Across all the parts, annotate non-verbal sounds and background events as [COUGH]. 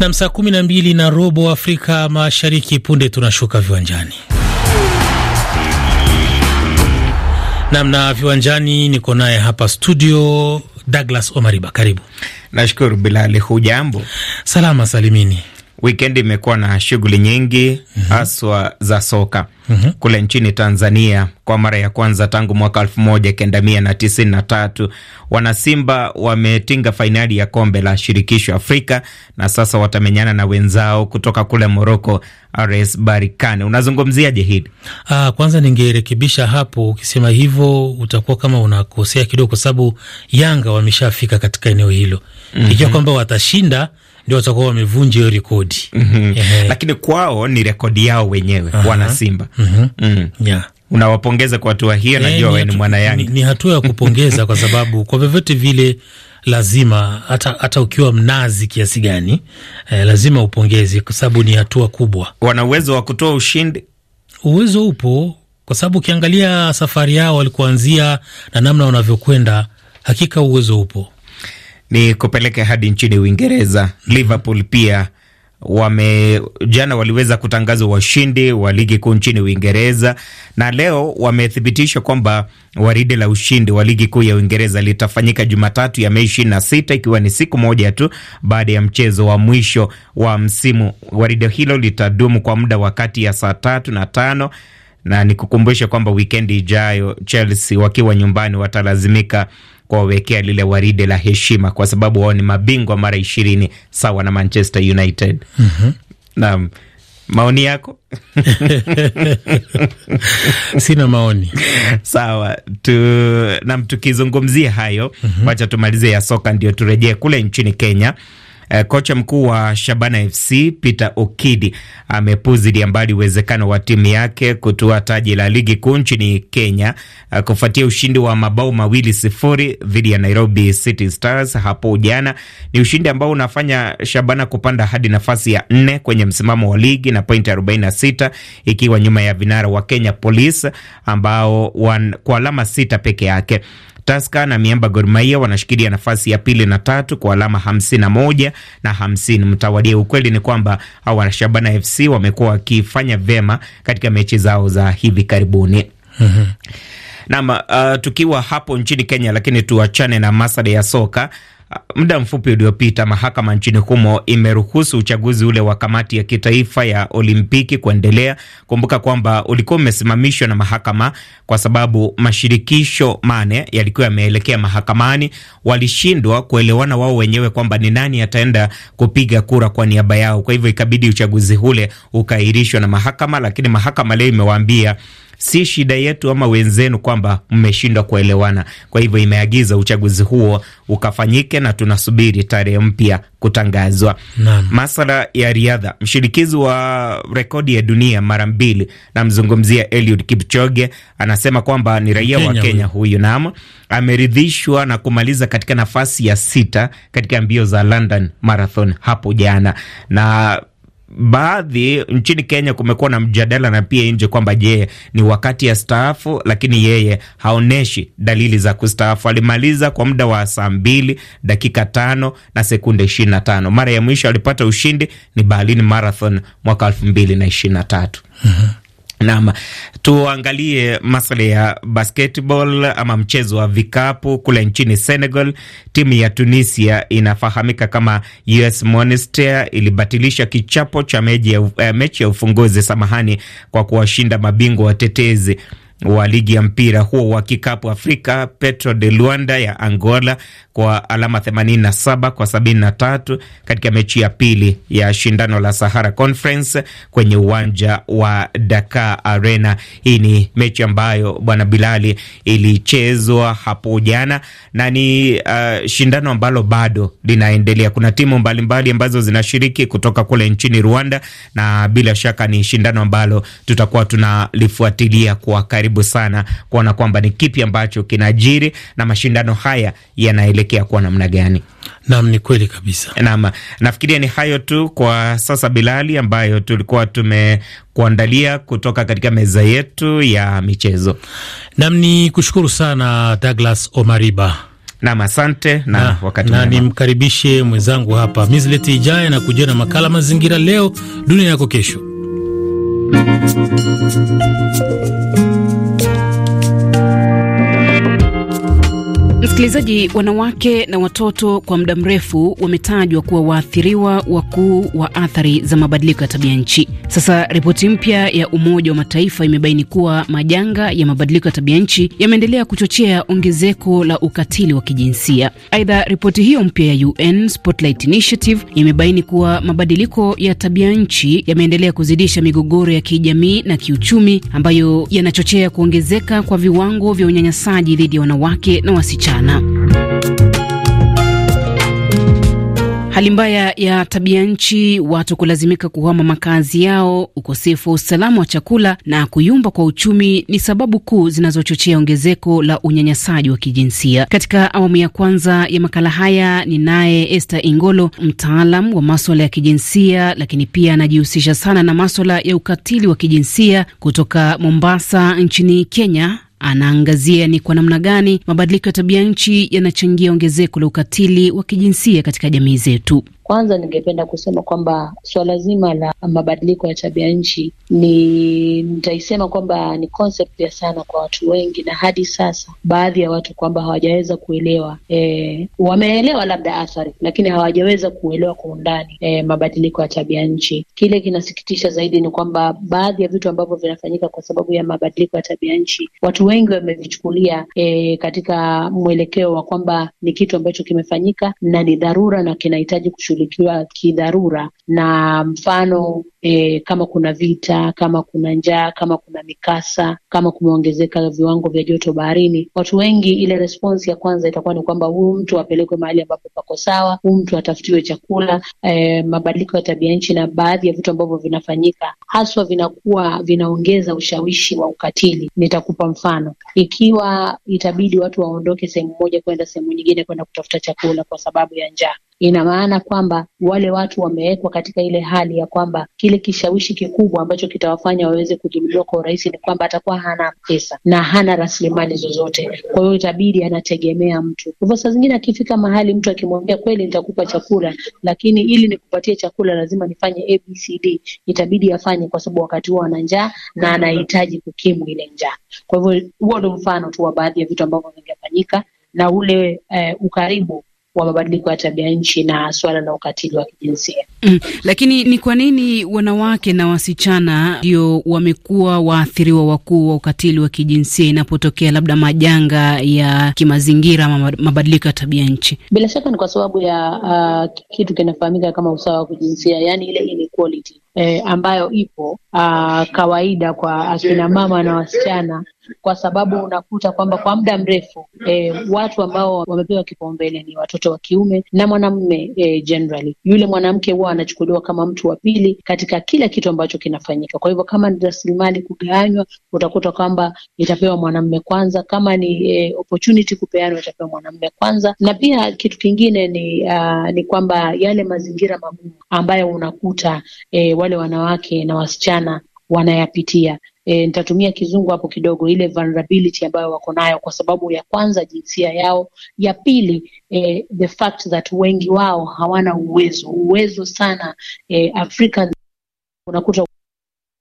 na saa kumi na mbili na robo Afrika Mashariki. Punde tunashuka viwanjani namna viwanjani, niko naye hapa studio Douglas Omariba, karibu. Nashukuru Bilali, hujambo? Salama salimini. Wikendi imekuwa na shughuli nyingi mhm. haswa mm -hmm. za soka mm -hmm. kule nchini Tanzania. Kwa mara ya kwanza tangu mwaka elfu moja kenda mia na tisini na tatu wanasimba wametinga fainali ya kombe la shirikisho Afrika, na sasa watamenyana na wenzao kutoka kule Moroko, RS barikani Unazungumziaje hili? Ah, kwanza ningerekebisha hapo, ukisema hivyo utakuwa kama unakosea kidogo, kwa sababu Yanga wameshafika katika eneo hilo mm -hmm. ikiwa kwamba watashinda ndio watakuwa wamevunja hiyo rekodi mm -hmm. Lakini kwao ni rekodi yao wenyewe uh -huh. Wanasimba mhm. mm -hmm. mm yeah. Unawapongeza kwa hatua hiyo, najua eh, wewe ni mwana Yanga. Ni hatua ya kupongeza kwa sababu [LAUGHS] kwa vyovyote vile lazima hata hata ukiwa mnazi kiasi gani eh, lazima upongeze kwa sababu ni hatua kubwa. Wana uwezo wa kutoa ushindi, uwezo upo, kwa sababu ukiangalia safari yao walikuanzia na namna wanavyokwenda, hakika uwezo upo ni kupeleke hadi nchini Uingereza. Liverpool pia wame jana waliweza kutangaza washindi wa ligi kuu nchini Uingereza, na leo wamethibitisha kwamba waridi la ushindi wa ligi kuu ya Uingereza litafanyika Jumatatu ya Mei ishirini na sita, ikiwa ni siku moja tu baada ya mchezo wa mwisho wa msimu. Waridi hilo litadumu kwa muda wa kati ya saa tatu na tano na nikukumbushe kwamba wikendi ijayo Chelsea wakiwa nyumbani watalazimika kuwawekea lile waride la heshima, kwa sababu wao ni mabingwa mara ishirini sawa na Manchester United. mm -hmm. maoni yako? [LAUGHS] Sina maoni. Sawa tu, nam tukizungumzia hayo, mhm. wacha mm -hmm. tumalize ya soka ndio turejee kule nchini Kenya. Uh, kocha mkuu wa Shabana FC Peter Okidi amepuzilia mbali uwezekano wa timu yake kutoa taji la ligi kuu nchini Kenya, uh, kufuatia ushindi wa mabao mawili sifuri dhidi ya Nairobi City Stars hapo jana. Ni ushindi ambao unafanya Shabana kupanda hadi nafasi ya nne kwenye msimamo wa ligi na pointi 46 ikiwa nyuma ya vinara wa Kenya Police ambao wan, kwa alama sita peke yake. Taska na miamba Gor Mahia wanashikilia nafasi ya pili na tatu kwa alama hamsini na moja na hamsini mtawalia. Ukweli ni kwamba hawa Shabana FC wamekuwa wakifanya vyema katika mechi zao za hivi karibuni. Mhm. nam uh, tukiwa hapo nchini Kenya, lakini tuachane na masada ya soka. Muda mfupi uliopita mahakama nchini humo imeruhusu uchaguzi ule wa kamati ya kitaifa ya Olimpiki kuendelea. Kumbuka kwamba ulikuwa umesimamishwa na mahakama kwa sababu mashirikisho mane yalikuwa yameelekea mahakamani, walishindwa kuelewana wao wenyewe kwamba ni nani ataenda kupiga kura kwa niaba yao. Kwa hivyo ikabidi uchaguzi ule ukaahirishwa na mahakama, lakini mahakama leo imewaambia si shida yetu ama wenzenu kwamba mmeshindwa kuelewana. Kwa hivyo imeagiza uchaguzi huo ukafanyike na tunasubiri tarehe mpya kutangazwa. Masala ya riadha, mshirikizi wa rekodi ya dunia mara mbili, namzungumzia Eliud Kipchoge, anasema kwamba ni raia wa Kenya huyu, nam ameridhishwa na kumaliza katika nafasi ya sita katika mbio za London Marathon hapo jana na baadhi nchini Kenya kumekuwa na mjadala na pia nje kwamba je, ni wakati ya staafu, lakini yeye haoneshi dalili za kustaafu. Alimaliza kwa muda wa saa mbili dakika tano na sekunde ishirini na tano. Mara ya mwisho alipata ushindi ni Berlin Marathon mwaka elfu mbili na ishirini na tatu. Mhm. Naam, tuangalie masuala ya basketball ama mchezo wa vikapu kule nchini Senegal. Timu ya Tunisia inafahamika kama US Monastir ilibatilisha kichapo cha eh, mechi ya ufunguzi, samahani, kwa kuwashinda mabingwa watetezi wa ligi ya mpira huo wa kikapu Afrika, Petro de Luanda ya Angola kwa alama 87 kwa 73 katika mechi ya pili ya shindano la Sahara Conference kwenye uwanja wa Dakar Arena. Hii ni mechi ambayo bwana Bilali ilichezwa hapo jana na ni uh, shindano ambalo bado linaendelea. Kuna timu mbalimbali mbali ambazo zinashiriki kutoka kule nchini Rwanda, na bila shaka ni shindano ambalo tutakuwa tunalifuatilia kwa karibu karibu sana kuona kwamba ni kipi ambacho kinajiri na mashindano haya yanaelekea kuwa namna gani. Nam, ni kweli kabisa. Nam, nafikiria ni hayo tu kwa sasa, Bilali, ambayo tulikuwa tumekuandalia kutoka katika meza yetu ya michezo. Nam, ni kushukuru sana Douglas Omariba. Nam, asante na, na wakati na nimkaribishe mwenzangu hapa Misleti Ijaya na kujia na makala Mazingira Leo Dunia Yako Kesho. Msikilizaji, wanawake na watoto kwa muda mrefu wametajwa kuwa waathiriwa wakuu wa athari za mabadiliko ya tabia nchi. Sasa ripoti mpya ya Umoja wa Mataifa imebaini kuwa majanga ya mabadiliko ya tabia nchi yameendelea kuchochea ongezeko la ukatili wa kijinsia. Aidha, ripoti hiyo mpya ya UN Spotlight Initiative imebaini kuwa mabadiliko ya tabia nchi yameendelea kuzidisha migogoro ya kijamii na kiuchumi ambayo yanachochea kuongezeka kwa viwango vya unyanyasaji dhidi ya wanawake na wasichana. Hali mbaya ya tabia nchi, watu kulazimika kuhama makazi yao, ukosefu wa usalama wa chakula na kuyumba kwa uchumi ni sababu kuu zinazochochea ongezeko la unyanyasaji wa kijinsia. Katika awamu ya kwanza ya makala haya ni naye Esther Ingolo, mtaalam wa maswala ya kijinsia, lakini pia anajihusisha sana na maswala ya ukatili wa kijinsia kutoka Mombasa nchini Kenya Anaangazia ni kwa namna gani mabadiliko ya tabia nchi yanachangia ongezeko la ukatili wa kijinsia katika jamii zetu. Kwanza ningependa kusema kwamba suala zima la mabadiliko ya tabia nchi ni nitaisema kwamba ni concept ya sana kwa watu wengi, na hadi sasa baadhi ya watu kwamba hawajaweza kuelewa e, wameelewa labda athari, lakini hawajaweza kuelewa kwa undani e, mabadiliko ya tabia nchi. Kile kinasikitisha zaidi ni kwamba baadhi ya vitu ambavyo vinafanyika kwa sababu ya mabadiliko ya tabia nchi, watu wengi wamevichukulia e, katika mwelekeo wa kwamba ni kitu ambacho kimefanyika na ni dharura na kinahitaji kushughulikiwa kushughulikiwa kidharura, na mfano e, kama kuna vita, kama kuna njaa, kama kuna mikasa, kama kumeongezeka viwango vya joto baharini, watu wengi, ile response ya kwanza itakuwa ni kwamba huyu mtu apelekwe mahali ambapo pako sawa, huyu mtu atafutiwe chakula. E, mabadiliko ya tabia nchi na baadhi ya vitu ambavyo vinafanyika haswa vinakuwa vinaongeza ushawishi wa ukatili. Nitakupa mfano, ikiwa itabidi watu waondoke sehemu moja kwenda sehemu nyingine kwenda kutafuta chakula kwa sababu ya njaa, ina maana kwamba wale watu wamewekwa katika ile hali ya kwamba kile kishawishi kikubwa ambacho kitawafanya waweze kujimulia kwa urahisi ni kwamba atakuwa hana pesa na hana rasilimali zozote, kwa hiyo itabidi anategemea mtu. Kwa hivyo saa zingine akifika mahali mtu akimwambia kweli, nitakupa chakula, lakini ili nikupatie chakula lazima nifanye ABCD, itabidi afanye, kwa sababu wakati huo ana njaa na anahitaji kukimu ile njaa. Kwa hivyo huo ndo mfano tu wa baadhi ya vitu ambavyo vingefanyika na ule eh, ukaribu wa mabadiliko ya tabia nchi na suala la ukatili wa kijinsia. Mm, lakini ni kwa nini wanawake na wasichana ndio wamekuwa waathiriwa wakuu wa ukatili wa kijinsia inapotokea labda majanga ya kimazingira ama mabadiliko ya tabia nchi? Bila shaka ni kwa sababu ya uh, kitu kinafahamika kama usawa wa kijinsia, yani ile inequality eh, ambayo ipo uh, kawaida kwa akina mama na wasichana kwa sababu unakuta kwamba kwa muda mrefu e, watu ambao wamepewa kipaumbele ni watoto wa kiume na mwanamume e, generally yule mwanamke huwa anachukuliwa kama mtu wa pili katika kila kitu ambacho kinafanyika. Kwa hivyo kama ni rasilimali kugawanywa, utakuta kwamba itapewa mwanamume kwanza, kama ni e, opportunity kupeanwa, itapewa mwanamume kwanza. Na pia kitu kingine ni uh, ni kwamba yale mazingira magumu ambayo unakuta e, wale wanawake na wasichana wanayapitia e, nitatumia kizungu hapo kidogo, ile vulnerability ambayo wako nayo, kwa sababu ya kwanza jinsia yao, ya pili e, the fact that wengi wao hawana uwezo uwezo sana e, Afrika unakuta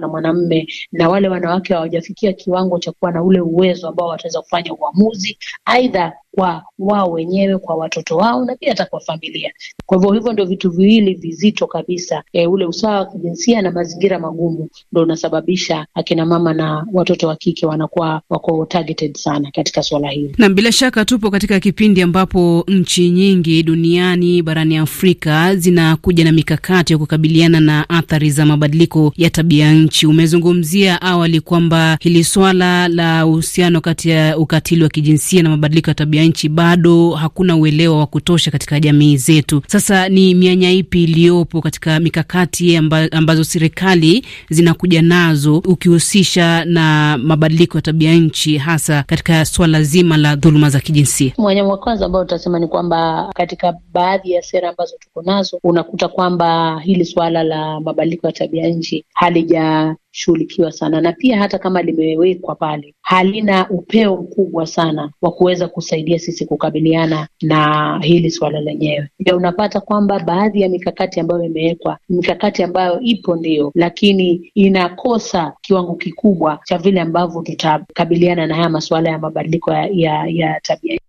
na mwanamme na wale wanawake hawajafikia kiwango cha kuwa na ule uwezo ambao wataweza kufanya uamuzi aidha kwa wao wenyewe, kwa watoto wao na pia hata kwa familia. Kwa hivyo hivyo ndio vitu viwili vizito kabisa e, ule usawa wa kijinsia na mazingira magumu ndio unasababisha akina mama na watoto wa kike wanakuwa wako targeted sana katika swala hili. Na bila shaka tupo katika kipindi ambapo nchi nyingi duniani barani Afrika zinakuja na mikakati ya kukabiliana na athari za mabadiliko ya tabia nchi. Umezungumzia awali kwamba hili swala la uhusiano kati ya ukatili wa kijinsia na mabadiliko ya tabia ya nchi bado hakuna uelewa wa kutosha katika jamii zetu. Sasa ni mianya ipi iliyopo katika mikakati amba, ambazo serikali zinakuja nazo ukihusisha na mabadiliko ya tabia nchi, hasa katika swala zima la dhuluma za kijinsia? Mwanya wa kwanza ambao utasema ni kwamba katika baadhi ya sera ambazo tuko nazo unakuta kwamba hili swala la mabadiliko ya tabia nchi halija shughulikiwa sana, na pia hata kama limewekwa pale halina upeo mkubwa sana wa kuweza kusaidia sisi kukabiliana na hili swala lenyewe. Ndio unapata kwamba baadhi ya mikakati ambayo imewekwa, mikakati ambayo ipo ndio lakini inakosa kiwango kikubwa cha vile ambavyo tutakabiliana na haya masuala ya mabadiliko ya, ya, ya tabia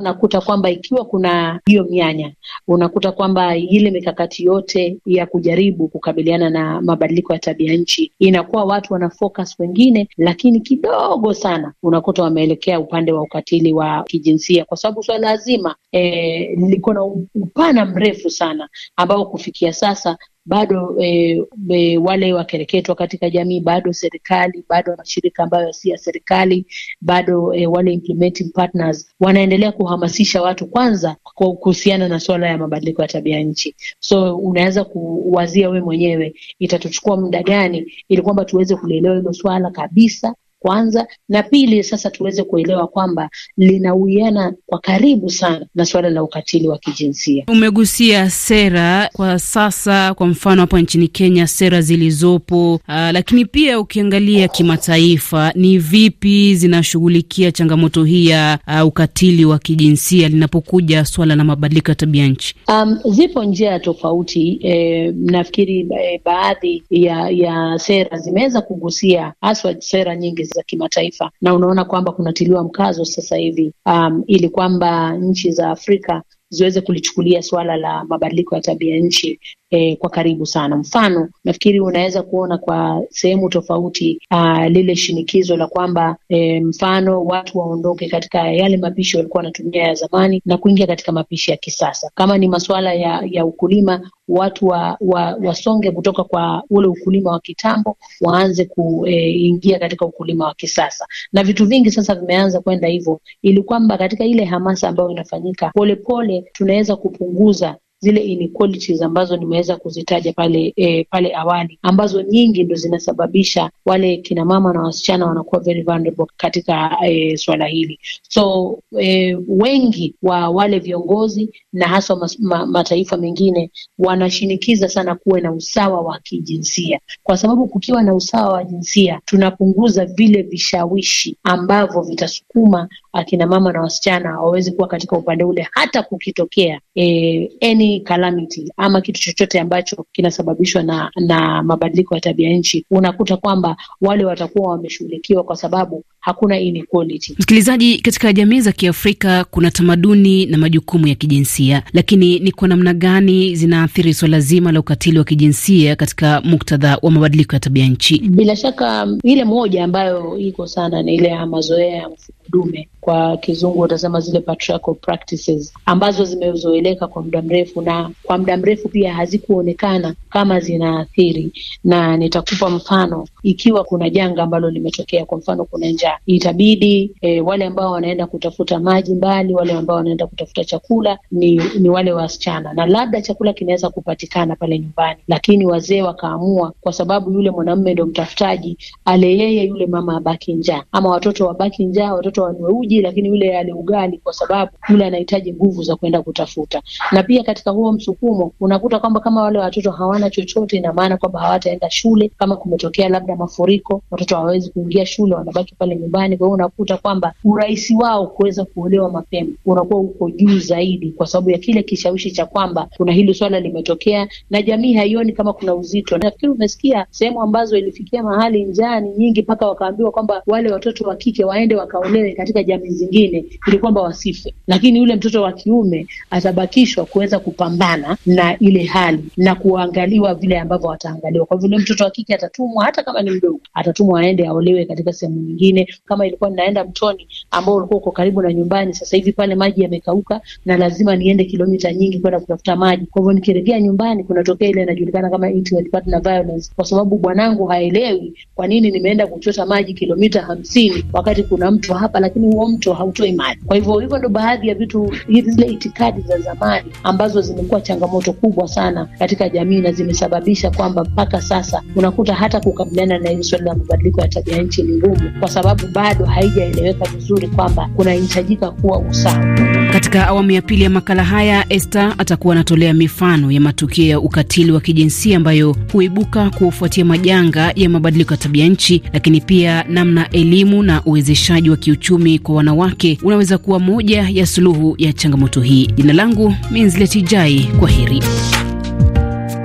unakuta kwamba ikiwa kuna hiyo mianya, unakuta kwamba ile mikakati yote ya kujaribu kukabiliana na mabadiliko ya tabia nchi inakuwa watu wana focus wengine, lakini kidogo sana unakuta wameelekea upande wa ukatili wa kijinsia, kwa sababu swala lazima e, eh, liko na upana mrefu sana ambao kufikia sasa bado e, e, wale wakereketwa katika jamii, bado serikali, bado mashirika ambayo si ya serikali, bado e, wale implementing partners wanaendelea kuhamasisha watu kwanza kuhusiana na suala ya mabadiliko ya tabia nchi. So unaweza kuwazia we mwenyewe itatuchukua muda gani ili kwamba tuweze kulielewa hilo swala kabisa kwanza, na pili, sasa tuweze kuelewa kwamba linauiana kwa karibu sana na suala la ukatili wa kijinsia. Umegusia sera kwa sasa, kwa mfano hapa nchini Kenya sera zilizopo, uh, lakini pia ukiangalia kimataifa ni vipi zinashughulikia changamoto hii ya uh, ukatili wa kijinsia linapokuja suala la mabadiliko ya tabia nchi? Um, zipo njia tofauti eh, nafikiri eh, baadhi ya, ya sera zimeweza kugusia haswa sera nyingi hizi za kimataifa, na unaona kwamba kunatiliwa mkazo sasa hivi um, ili kwamba nchi za Afrika ziweze kulichukulia suala la mabadiliko ya tabia nchi e, kwa karibu sana. Mfano, nafikiri unaweza kuona kwa sehemu tofauti a, ah, lile shinikizo la kwamba e, mfano watu waondoke katika yale mapishi walikuwa wanatumia ya zamani na kuingia katika mapishi ya kisasa. Kama ni masuala ya, ya ukulima watu wa, wa, wasonge kutoka kwa ule ukulima wa kitambo waanze kuingia eh, e, katika ukulima wa kisasa, na vitu vingi sasa vimeanza kwenda hivyo, ili kwamba katika ile hamasa ambayo inafanyika polepole tunaweza kupunguza zile inequalities ambazo nimeweza kuzitaja pale eh, pale awali ambazo nyingi ndo zinasababisha wale kina mama na wasichana wanakuwa very vulnerable katika eh, swala hili. So eh, wengi wa wale viongozi na hasa ma, mataifa mengine wanashinikiza sana kuwe na usawa wa kijinsia, kwa sababu kukiwa na usawa wa jinsia tunapunguza vile vishawishi ambavyo vitasukuma akina mama na wasichana waweze kuwa katika upande ule, hata kukitokea e, any calamity ama kitu chochote ambacho kinasababishwa na, na mabadiliko ya tabia nchi, unakuta kwamba wale watakuwa wameshughulikiwa kwa sababu hakuna inequality. Msikilizaji, katika jamii za Kiafrika kuna tamaduni na majukumu ya kijinsia, lakini ni kwa namna gani zinaathiri swala zima la ukatili wa kijinsia katika muktadha wa mabadiliko ya tabia nchi? Bila shaka um, ile moja ambayo iko sana ni ile ya mazoea ya dume, kwa kizungu utasema zile patriarchal practices ambazo zimezoeleka kwa muda mrefu, na kwa muda mrefu pia hazikuonekana kama zinaathiri. Na nitakupa mfano, ikiwa kuna janga ambalo limetokea, kwa mfano kuna njaa, itabidi e, wale ambao wanaenda kutafuta maji mbali, wale ambao wanaenda kutafuta chakula ni, ni wale wasichana, na labda chakula kinaweza kupatikana pale nyumbani, lakini wazee wakaamua, kwa sababu yule mwanamume ndo mtafutaji ale, yeye yule mama abaki njaa, ama watoto wabaki njaa, watoto watoto wanywe uji, lakini yule ale ugali, kwa sababu yule anahitaji nguvu za kwenda kutafuta. Na pia katika huo msukumo unakuta kwamba kama wale watoto hawana chochote, ina maana kwamba hawataenda shule. Kama kumetokea labda mafuriko, watoto hawawezi kuingia shule, wanabaki pale nyumbani. Kwa hiyo unakuta kwamba urahisi wao kuweza kuolewa mapema unakuwa uko juu zaidi, kwa sababu ya kile kishawishi cha kwamba kuna hili swala limetokea na jamii haioni kama kuna uzito. Nafikiri umesikia sehemu ambazo ilifikia mahali njaa ni nyingi, mpaka wakaambiwa kwamba wale watoto wa kike waende wakaolewe wenyewe katika jamii zingine ili kwamba wasife, lakini yule mtoto wa kiume atabakishwa kuweza kupambana na ile hali na kuangaliwa vile ambavyo wataangaliwa. Kwa vile mtoto wa kike atatumwa, hata kama ni mdogo, atatumwa aende aolewe katika sehemu nyingine. Kama ilikuwa ninaenda mtoni ambao ulikuwa uko karibu na nyumbani, sasa hivi pale maji yamekauka na lazima niende kilomita nyingi kwenda kutafuta maji. Kwa hivyo nikirejea nyumbani, kunatokea ile inajulikana kama intimate partner violence, kwa sababu bwanangu haelewi kwa nini nimeenda kuchota maji kilomita hamsini wakati kuna mtu hapa hapa, lakini huo mto hautoi maji. Kwa hivyo hivyo ndo baadhi ya vitu, zile itikadi za zamani ambazo zimekuwa changamoto kubwa sana katika jamii na zimesababisha kwamba mpaka sasa unakuta hata kukabiliana na hili swali la mabadiliko ya tabia nchi ni ngumu, kwa sababu bado haijaeleweka vizuri kwamba kunahitajika kuwa usawa. Katika awamu ya pili ya makala haya, Esther atakuwa anatolea mifano ya matukio ya ukatili wa kijinsia ambayo huibuka kufuatia majanga ya mabadiliko ya tabia nchi, lakini pia namna elimu na uwezeshaji wa kiuchumi kiuchumi kwa wanawake unaweza kuwa moja ya suluhu ya changamoto hii. Jina langu Minzileti Jai, kwa heri.